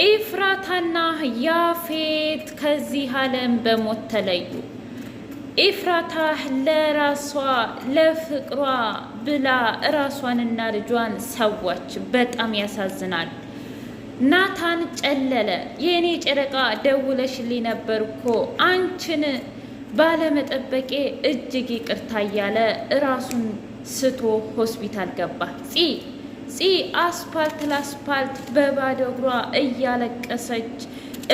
ኤፍራታና ያፌት ከዚህ ዓለም በሞት ተለዩ። ኤፍራታ ለራሷ ለፍቅሯ ብላ ራሷንና ልጇን ሰዋች። በጣም ያሳዝናል። ናታን ጨለለ። የእኔ ጨረቃ ደውለሽልኝ ነበር እኮ አንቺን ባለመጠበቄ እጅግ ይቅርታ እያለ እራሱን ስቶ ሆስፒታል ገባ። ፂ አስፓልት ላስፓልት በባዶ እግሯ እያለቀሰች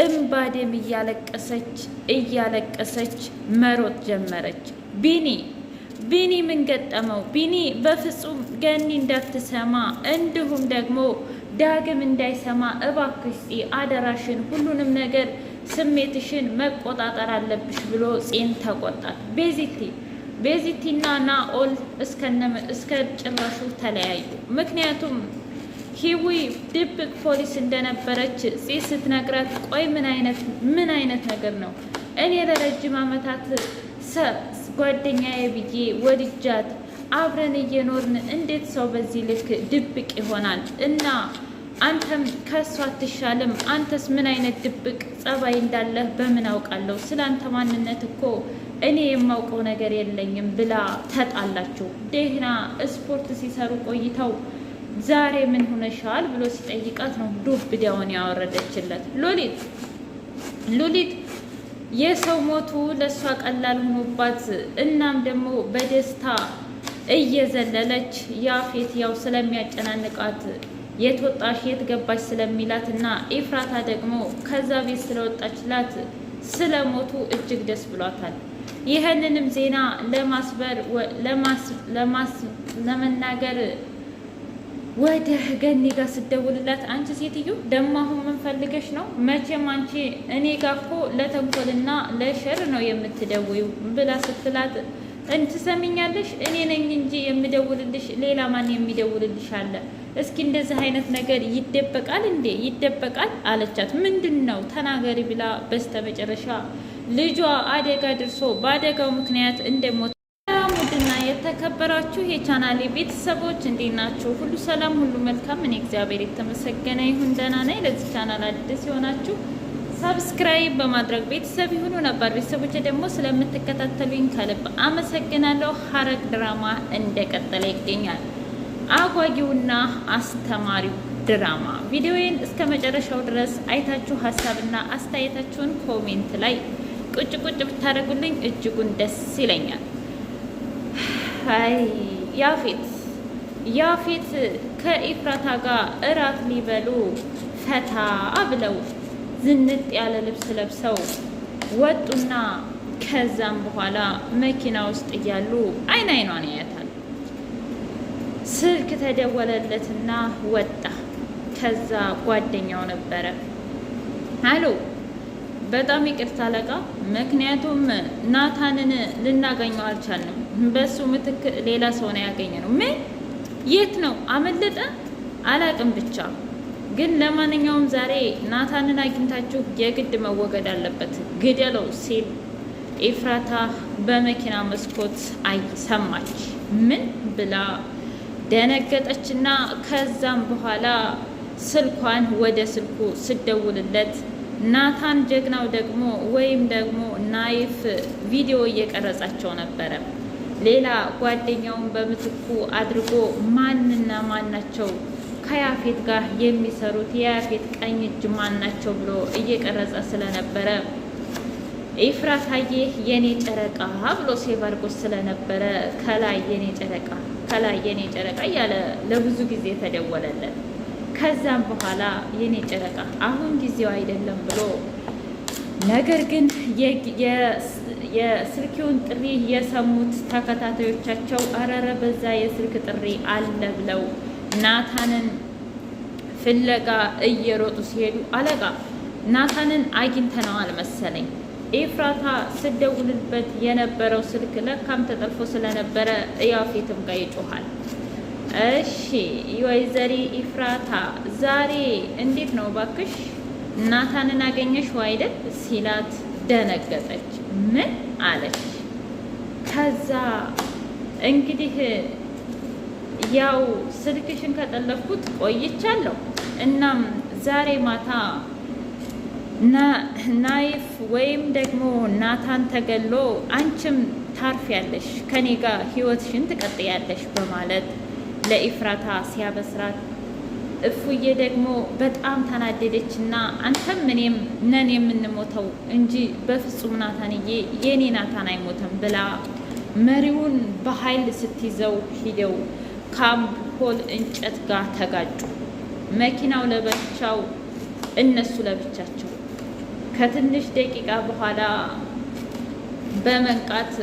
እምባ እያለቀሰች እያለቀሰች መሮጥ ጀመረች። ቢኒ ቢኒ ምን ገጠመው? ቢኒ በፍጹም ገኒ እንዳትሰማ እንዲሁም ደግሞ ዳግም እንዳይሰማ እባክሽ ፂ አደራሽን፣ ሁሉንም ነገር ስሜትሽን መቆጣጠር አለብሽ ብሎ ፂን ተቆጣት። ቤዚቲ ቤዚቲና ናኦል እስከ ጭራሹ ተለያዩ። ምክንያቱም ሂዊ ድብቅ ፖሊስ እንደነበረች ፂ ስትነግራት፣ ቆይ ምን አይነት ነገር ነው? እኔ ለረጅም ዓመታት ጓደኛዬ ብዬ ወድጃት አብረን እየኖርን እንዴት ሰው በዚህ ልክ ድብቅ ይሆናል? እና አንተም ከእሱ አትሻልም። አንተስ ምን አይነት ድብቅ ጸባይ እንዳለህ በምን አውቃለሁ? ስለ አንተ ማንነት እኮ እኔ የማውቀው ነገር የለኝም ብላ ተጣላችሁ። ደህና ስፖርት ሲሰሩ ቆይተው ዛሬ ምን ሆነሻል ብሎ ሲጠይቃት ነው ዱብ ዳውን ያወረደችለት ሉሊት ሉሊት የሰው ሞቱ ለእሷ ቀላል ሆኖባት እናም ደግሞ በደስታ እየዘለለች ያፌት ያው ስለሚያጨናንቃት የት ወጣሽ የት ገባሽ ስለሚላት እና ኤፍራታ ደግሞ ከዛ ቤት ስለወጣችላት ስለሞቱ እጅግ ደስ ብሏታል። ይህንንም ዜና ለማስበር ለመናገር ወደ ገኒ ጋር ስደውልላት አንቺ ሴትዮ ደግሞ አሁን ምን ፈልገሽ ነው? መቼም አንቺ እኔ ጋር እኮ ለተንኮልና ለሸር ነው የምትደውዩ ብላ ስትላት እንትሰሚኛለሽ እኔ ነኝ እንጂ የምደውልልሽ ሌላ ማን የሚደውልልሽ አለ እስኪ እንደዚህ አይነት ነገር ይደበቃል እንዴ ይደበቃል አለቻት። ምንድን ነው ተናገሪ ብላ በስተመጨረሻ ልጇ አደጋ ደርሶ በአደጋው ምክንያት እንደሞት ሙድና የተከበራችሁ የቻናሌ ቤተሰቦች እንዴት ናችሁ? ሁሉ ሰላም፣ ሁሉ መልካም። እኔ እግዚአብሔር የተመሰገነ ይሁን ደህና ነኝ። ለዚህ ቻናል አዲስ የሆናችሁ ሰብስክራይብ በማድረግ ቤተሰብ ይሁኑ። ነባር ቤተሰቦች ደግሞ ስለምትከታተሉኝ ከልብ አመሰግናለሁ። ሐረግ ድራማ እንደቀጠለ ይገኛል። አጓጊውና አስተማሪው ድራማ ቪዲዮዬን እስከ መጨረሻው ድረስ አይታችሁ ሀሳብና አስተያየታችሁን ኮሜንት ላይ ቁጭ ቁጭ ብታደርጉልኝ እጅጉን ደስ ይለኛል። አይ ያፌት ያፌት ከኢፍራታ ጋር እራት ሊበሉ ፈታ ብለው ዝንጥ ያለ ልብስ ለብሰው ወጡና ከዛም በኋላ መኪና ውስጥ እያሉ አይን አይኗን ያያት ስልክ ተደወለለትና ወጣ። ከዛ ጓደኛው ነበረ። አሎ በጣም ይቅርታ አለቃ፣ ምክንያቱም ናታንን ልናገኘው አልቻልንም። በሱ ምትክ ሌላ ሰው ነው ያገኘነው። ምን? የት ነው አመለጠ? አላቅም ብቻ ግን ለማንኛውም ዛሬ ናታንን አግኝታችሁ የግድ መወገድ አለበት፣ ግደለው ሲል ኤፍራታ በመኪና መስኮት አይ ሰማች። ምን ብላ ደነገጠችና ከዛም በኋላ ስልኳን ወደ ስልኩ ስደውልለት ናታን ጀግናው ደግሞ ወይም ደግሞ ናይፍ ቪዲዮ እየቀረጻቸው ነበረ። ሌላ ጓደኛውን በምትኩ አድርጎ ማንና ማን ናቸው ከያፌት ጋር የሚሰሩት የያፌት ቀኝ እጅ ናቸው ብሎ እየቀረጸ ስለነበረ ኤፍራታዬ የኔ ጨረቃ ብሎ ሴቭ አድርጎ ስለነበረ ከላይ የኔ ጨረቃ ከላይ የኔ ጨረቃ እያለ ለብዙ ጊዜ ተደወለለት። ከዛም በኋላ የኔ ጨረቃ አሁን ጊዜው አይደለም ብሎ ነገር ግን የስልኪውን ጥሪ የሰሙት ተከታታዮቻቸው አረረ በዛ የስልክ ጥሪ አለ ብለው ናታንን ፍለጋ እየሮጡ ሲሄዱ አለቃ ናታንን አግኝተነዋል መሰለኝ ኤፍራታ ስደውልበት የነበረው ስልክ ለካም ተጠልፎ ስለነበረ እያፌትም ጋር ይጮኋል። እሺ ወይዘሪ ኤፍራታ ዛሬ እንዴት ነው ባክሽ? ናታንን አገኘሽ አይደል ሲላት ደነገጠች። ምን አለች? ከዛ እንግዲህ ያው ስልክሽን ከጠለፍኩት ቆይቻለሁ። እናም ዛሬ ማታ ናይፍ ወይም ደግሞ ናታን ተገሎ አንቺም ያለሽ ከኔ ጋር ህይወትሽን ትቀጥያለሽ በማለት ለኢፍራታ ሲያበስራት እፉዬ ደግሞ በጣም ተናደደች እና አንተም እኔም ነን የምንሞተው እንጂ በፍጹም ናታንዬ የኔ ናታን አይሞትም ብላ መሪውን በኃይል ስትይዘው ሂደው ከአምፖል እንጨት ጋር ተጋጩ። መኪናው ለብቻው፣ እነሱ ለብቻቸው ከትንሽ ደቂቃ በኋላ በመንቃት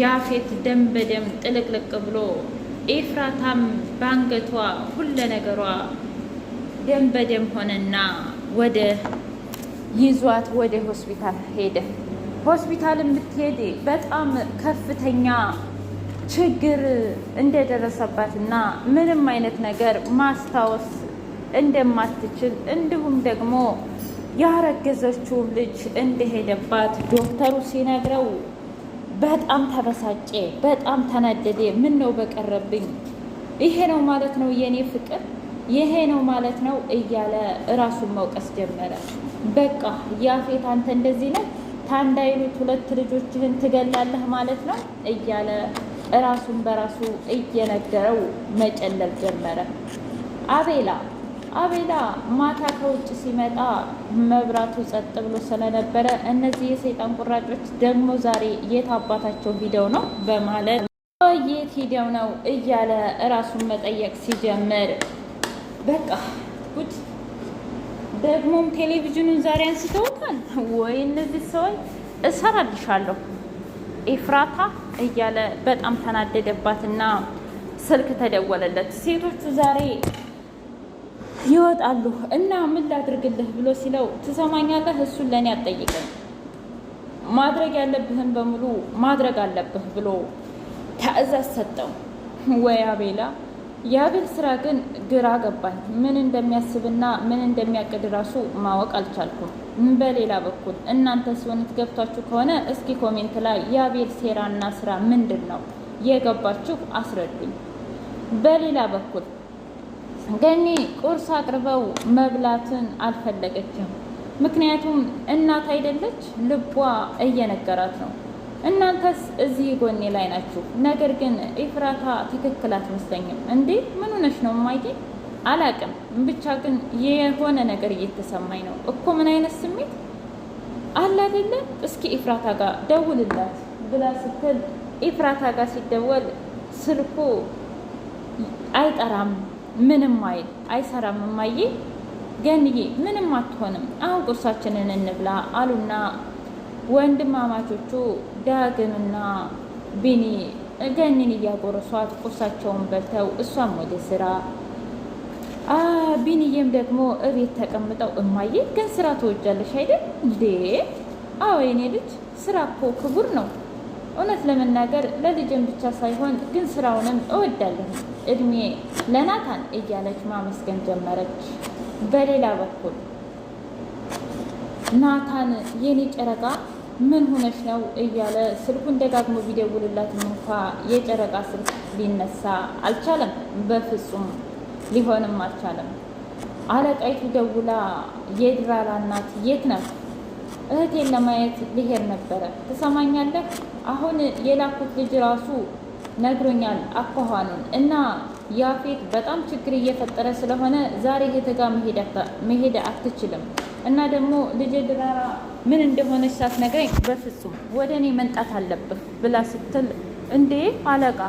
ያፌት ደም በደም ጥልቅልቅ ብሎ ኤፍራታም ባንገቷ ሁለ ነገሯ ደም በደም ሆነና ወደ ይዟት ወደ ሆስፒታል ሄደ። ሆስፒታል የምትሄድ በጣም ከፍተኛ ችግር እንደደረሰባትና ምንም አይነት ነገር ማስታወስ እንደማትችል እንዲሁም ደግሞ ያረገዘችው ልጅ እንደሄደባት ዶክተሩ ሲነግረው በጣም ተበሳጨ፣ በጣም ተናደደ። ምን ነው በቀረብኝ? ይሄ ነው ማለት ነው የእኔ ፍቅር፣ ይሄ ነው ማለት ነው እያለ እራሱን መውቀስ ጀመረ። በቃ ያፌት፣ አንተ እንደዚህ ነው ታንድ ሁለት ልጆችህን ትገላለህ ማለት ነው እያለ እራሱን በራሱ እየነገረው መጨለል ጀመረ አቤላ አቤላ ማታ ከውጭ ሲመጣ መብራቱ ጸጥ ብሎ ስለነበረ እነዚህ የሰይጣን ቁራጮች ደግሞ ዛሬ የት አባታቸው ሂደው ነው በማለት የት ሂደው ነው እያለ እራሱን መጠየቅ ሲጀምር በቃ ጉድ ደግሞም ቴሌቪዥኑን ዛሬ አንስተውታል ወይ እነዚህ ሰዎች እሰራልሻለሁ ኤፍራታ እያለ በጣም ተናደደባትና ስልክ ተደወለለት ሴቶቹ ዛሬ ይወጣሉ እና ምን ላድርግልህ ብሎ ሲለው ትሰማኛለህ፣ እሱን ለእኔ አትጠይቀኝ፣ ማድረግ ያለብህን በሙሉ ማድረግ አለብህ ብሎ ትዕዛዝ ሰጠው። ወይ አቤላ! የአቤል ስራ ግን ግራ ገባኝ። ምን እንደሚያስብና ምን እንደሚያቅድ ራሱ ማወቅ አልቻልኩም። በሌላ በኩል እናንተስ እውነት ገብቷችሁ ከሆነ እስኪ ኮሜንት ላይ የአቤል ሴራና ስራ ምንድን ነው የገባችሁ አስረዱኝ። በሌላ በኩል ገኒ ቁርስ አቅርበው መብላትን አልፈለገችም። ምክንያቱም እናት አይደለች ልቧ እየነገራት ነው። እናንተስ እዚህ ጎኔ ላይ ናችሁ። ነገር ግን ኢፍራታ ትክክል አትመስለኝም። እንዴ ምን ሆነሽ ነው ማየ? አላቅም ብቻ ግን የሆነ ነገር እየተሰማኝ ነው እኮ። ምን አይነት ስሜት አለ አይደለ? እስኪ ኢፍራታ ጋር ደውልላት ብላ ስትል ኢፍራታ ጋር ሲደወል ስልኩ አይጠራም። ምንም አይል አይሰራም። እማዬ ገንዬ ምንም አትሆንም። አሁን ቁርሳችንን እንብላ አሉና ወንድማማቾቹ ዳግምና ቢኒ ገኒን እያጎረሷት ቁርሳቸውን በልተው እሷም ወደ ስራ ቢንዬም ደግሞ እቤት ተቀምጠው እማዬ ግን ስራ ትወጃለሽ አይደል እንዴ? አዎ የኔ ልጅ ስራ እኮ ክቡር ነው እውነት ለመናገር ለልጅም ብቻ ሳይሆን ግን ስራውንም እወዳለሁ። እድሜ ለናታን እያለች ማመስገን ጀመረች። በሌላ በኩል ናታን የኔ ጨረቃ ምን ሆነች ነው እያለ ስልኩን ደጋግሞ ቢደውልላትም እንኳ የጨረቃ ስልክ ሊነሳ አልቻለም። በፍጹም ሊሆንም አልቻለም። አለቃይቱ ደውላ የድራላ እናት የት ነው እህቴን ለማየት ልሄድ ነበረ። ትሰማኛለህ? አሁን የላኩት ልጅ ራሱ ነግሮኛል አኳኋኑን እና ያፌት በጣም ችግር እየፈጠረ ስለሆነ ዛሬ እህት ጋ መሄድ አትችልም እና ደግሞ ልጅ ድራራ ምን እንደሆነች ሳትነግረኝ በፍጹም ወደ እኔ መምጣት አለብህ ብላ ስትል እንዴ አለቃ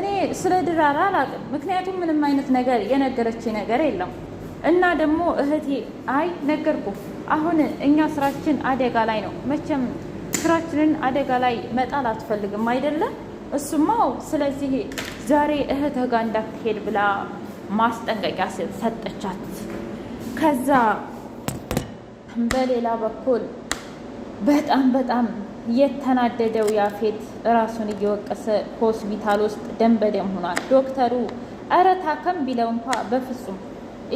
እኔ ስለ ድራራ አላቅም። ምክንያቱም ምንም አይነት ነገር የነገረች ነገር የለም እና ደግሞ እህቴ አይ ነገርኩ፣ አሁን እኛ ስራችን አደጋ ላይ ነው። መቼም ስራችንን አደጋ ላይ መጣል አትፈልግም አይደለም? እሱማው ስለዚህ ዛሬ እህት ጋ እንዳትሄድ ብላ ማስጠንቀቂያ ሰጠቻት። ከዛ በሌላ በኩል በጣም በጣም የተናደደው ያፌት ራሱን እየወቀሰ ሆስፒታል ውስጥ ደም በደም ሆኗል። ዶክተሩ እረ ታከም ቢለው እንኳ በፍጹም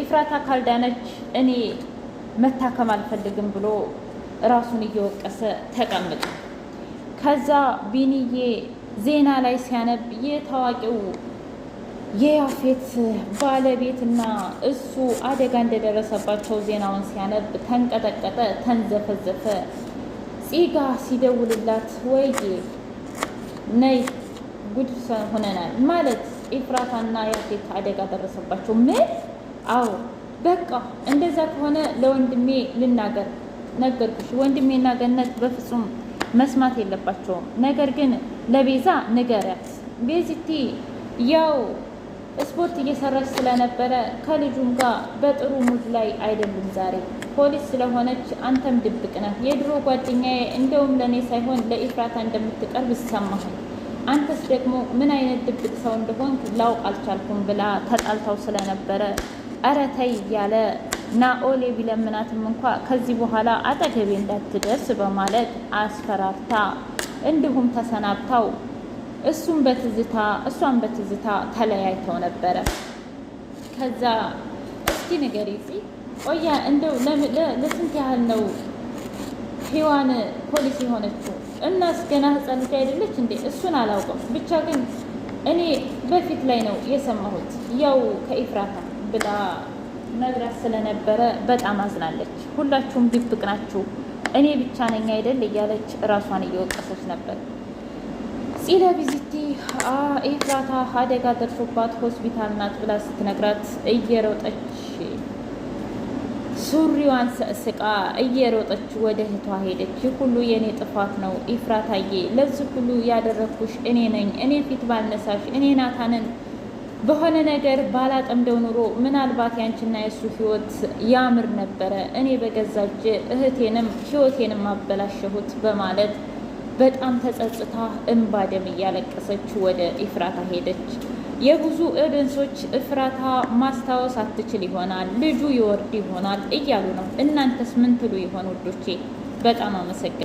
ኢፍራታ ካልዳነች እኔ መታከም አልፈልግም ብሎ ራሱን እየወቀሰ ተቀምጡ። ከዛ ቢኒዬ ዜና ላይ ሲያነብ የታዋቂው የያፌት ባለቤት እና እሱ አደጋ እንደደረሰባቸው ዜናውን ሲያነብ ተንቀጠቀጠ፣ ተንዘፈዘፈ። ፂጋ ሲደውልላት ወይ ነይ ጉድ ሆነናል ማለት ኢፍራታና ያፌት አደጋ ደረሰባቸው ምን አዎ በቃ እንደዛ ከሆነ ለወንድሜ ልናገር ነገርኩሽ። ወንድሜና ገነት በፍጹም መስማት የለባቸውም። ነገር ግን ለቤዛ ንገሪያት። ቤዚቲ ያው ስፖርት እየሰራች ስለነበረ ከልጁም ጋር በጥሩ ሙድ ላይ አይደሉም። ዛሬ ፖሊስ ስለሆነች አንተም ድብቅ ነህ። የድሮ ጓደኛዬ እንደውም ለእኔ ሳይሆን ለኢፍራታ እንደምትቀርብ ይሰማሃል። አንተስ ደግሞ ምን አይነት ድብቅ ሰው እንደሆንክ ላውቅ አልቻልኩም ብላ ተጣልታው ስለነበረ ኧረ ተይ እያለ ናኦል ቢለምናትም እንኳ ከዚህ በኋላ አጠገቤ እንዳትደርስ በማለት አስፈራርታ እንዲሁም ተሰናብታው እሱም በትዝታ እሷም በትዝታ ተለያይተው ነበረ። ከዛ እስኪ ንገሪ ቆያ እንደው ለስንት ያህል ነው ሔዋን ፖሊስ የሆነችው? እናስ ገና ህፃን ልጅ አይደለች እንዴ? እሱን አላውቅም። ብቻ ግን እኔ በፊት ላይ ነው የሰማሁት ያው ከኢፍራታ ብላ ነግራት ስለነበረ በጣም አዝናለች። ሁላችሁም ድብቅ ናችሁ፣ እኔ ብቻ ነኝ አይደል እያለች እራሷን እየወቀሰች ነበር። ጺለ ቢዚቲ ኤፍራታ አደጋ ደርሶባት ሆስፒታል ናት ብላ ስትነግራት እየሮጠች ሱሪዋን ስቃ እየሮጠች ወደ እህቷ ሄደች። ይህ ሁሉ የእኔ ጥፋት ነው ኤፍራታዬ፣ ለዚህ ሁሉ ያደረግኩሽ እኔ ነኝ። እኔ ፊት ባልነሳሽ እኔ ናታንን በሆነ ነገር ባላጠምደው ኑሮ ምናልባት ያንቺና የእሱ ህይወት ያምር ነበረ። እኔ በገዛጅ እህቴንም ህይወቴንም አበላሸሁት በማለት በጣም ተጸጽታ እንባ ደም እያለቀሰች ወደ ኢፍራታ ሄደች። የብዙ እድንሶች እፍራታ ማስታወስ አትችል ይሆናል፣ ልጁ ይወርድ ይሆናል እያሉ ነው። እናንተስ ምን ትሉ ይሆን ውዶቼ? በጣም አመሰግናለሁ።